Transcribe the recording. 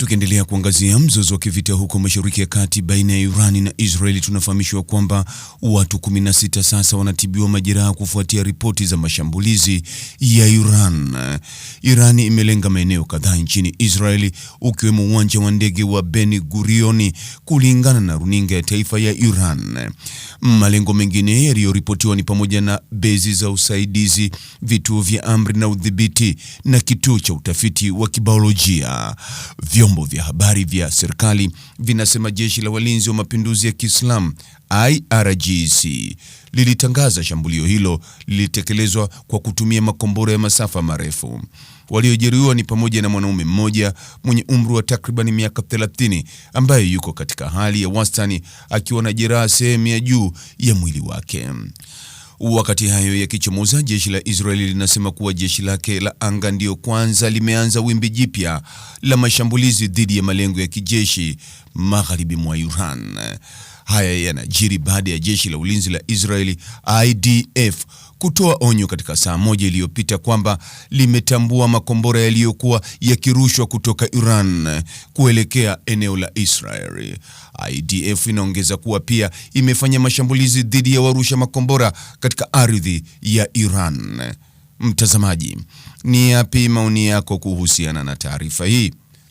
Tukiendelea kuangazia mzozo wa kivita huko Mashariki ya Kati baina ya Iran na Israeli, tunafahamishwa kwamba watu 16 sasa wanatibiwa majeraha kufuatia ripoti za mashambulizi ya Iran. Iran imelenga maeneo kadhaa nchini Israeli, ukiwemo uwanja wa ndege wa Ben Gurion, kulingana na runinga ya taifa ya Iran. Malengo mengine yaliyoripotiwa ni pamoja na bezi za usaidizi, vituo vya amri na udhibiti na kituo cha utafiti wa kibiolojia. Vyombo vya habari vya serikali vinasema jeshi la walinzi wa mapinduzi ya Kiislamu IRGC lilitangaza shambulio hilo lilitekelezwa kwa kutumia makombora ya masafa marefu. Waliojeruhiwa ni pamoja na mwanaume mmoja mwenye umri wa takriban miaka 30 ambaye yuko katika hali ya wastani akiwa na jeraha sehemu ya juu ya mwili wake. Wakati hayo yakichomoza, jeshi la Israeli linasema kuwa jeshi lake la anga ndiyo kwanza limeanza wimbi jipya la mashambulizi dhidi ya malengo ya kijeshi magharibi mwa Iran. Haya yanajiri baada ya jeshi la ulinzi la Israeli IDF kutoa onyo katika saa moja iliyopita kwamba limetambua makombora yaliyokuwa yakirushwa kutoka Iran kuelekea eneo la israel IDF inaongeza kuwa pia imefanya mashambulizi dhidi ya warusha makombora katika ardhi ya Iran. Mtazamaji, ni yapi maoni yako kuhusiana na taarifa hii?